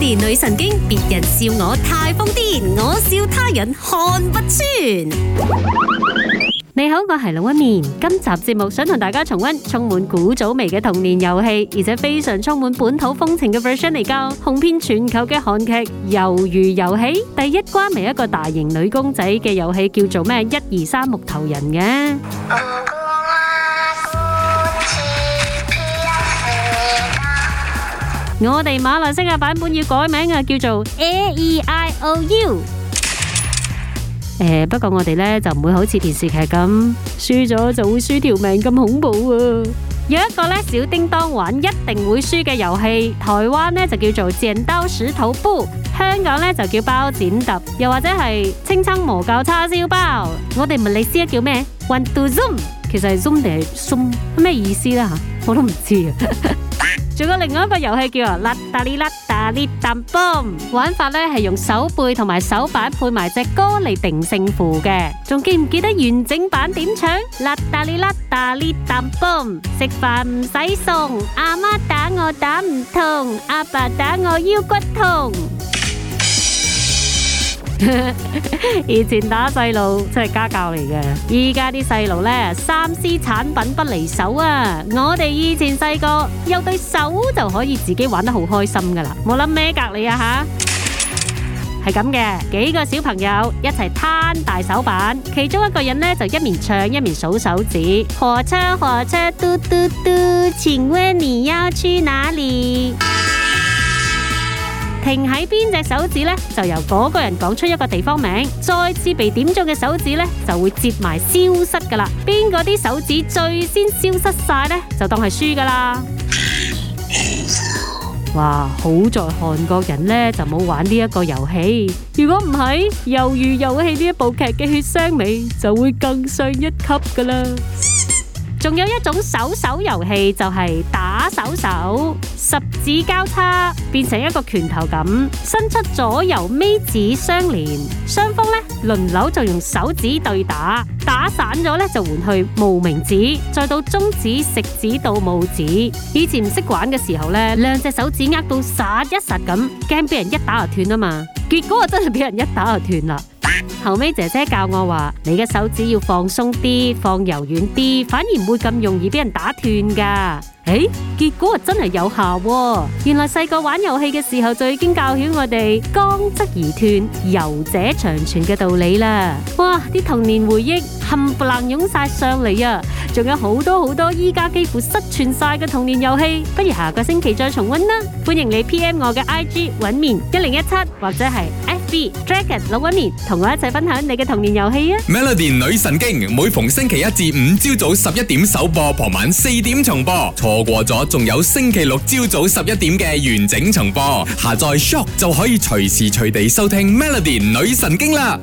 年女神經，別人笑我太瘋癲，我笑他人看不穿。你好，我係龍紋敏。今集節目想同大家重温充滿古早味嘅童年遊戲，而且非常充滿本土風情嘅 version 嚟，教，紅遍全球嘅韓劇《魷魚遊戲》第一關咪一個大型女公仔嘅遊戲，叫做咩？一二三木頭人嘅。我哋馬來西亞版本要改名啊，叫做 A E I O U。誒，不過我哋咧就唔會好似電視劇咁，輸咗就會輸條命咁恐怖啊！有一個咧小叮當玩一定會輸嘅遊戲，台灣咧就叫做剪刀石頭布，香港咧就叫包剪揼，又或者係青春魔教叉燒包。我哋馬來西亞叫咩？One Two Zoom，其實係 zoom 定係鬆咩意思咧？吓，我都唔知啊。仲有另外一個遊戲叫《啦達哩啦達哩》，蛋 boom，玩法呢係用手背同埋手板配埋隻歌嚟定勝負嘅。仲記唔記得完整版點唱？啦達哩啦達哩，蛋 boom 食飯唔使餸，阿媽打我打唔痛，阿爸打我腰骨痛。 以前打細路真係家教嚟嘅，依家啲細路呢，三 C 產品不離手啊！我哋以前細個有對手就可以自己玩得好開心噶啦，冇諗咩隔離啊吓，係咁嘅，幾個小朋友一齊攤大手板，其中一個人呢，就一面唱一面數手指，火車火車嘟嘟嘟，請問你要去哪裡？停喺邊隻手指咧，就由嗰個人講出一個地方名，再次被點中嘅手指咧，就會接埋消失噶啦。邊個啲手指最先消失晒咧，就當係輸噶啦。哇，好在韓國人咧就冇玩呢一個遊戲，如果唔係，魷魚遊戲呢一部劇嘅血腥味就會更上一級噶啦。仲有一種手手遊戲，就係打手手，十指交叉變成一個拳頭咁，伸出左右尾指相連，雙方咧輪流就用手指對打，打散咗咧就換去無名指，再到中指、食指到拇指。以前唔識玩嘅時候咧，兩隻手指握到實一實咁，驚俾人一打就斷啊嘛，結果啊真係俾人一打就斷啦。後尾姐姐教我話：你嘅手指要放鬆啲，放柔軟啲，反而唔會咁容易俾人打斷㗎。誒、欸，結果真係有效、啊，原來細個玩遊戲嘅時候,時候就已經教曉我哋剛則而斷，柔者長存嘅道理啦。哇，啲童年回憶冚唪唥湧晒上嚟啊！仲有好多好多，依家幾乎失傳晒嘅童年遊戲，不如下個星期再重温啦。歡迎你 P M 我嘅 I G 搵面一零一七或者係。b Dragon 六一年，同我一齊分享你嘅童年遊戲啊！Melody 女神經，每逢星期一至五朝早十一點首播，傍晚四點重播，錯過咗仲有星期六朝早十一點嘅完整重播。下載 Shock 就可以隨時隨地收聽 Melody 女神經啦！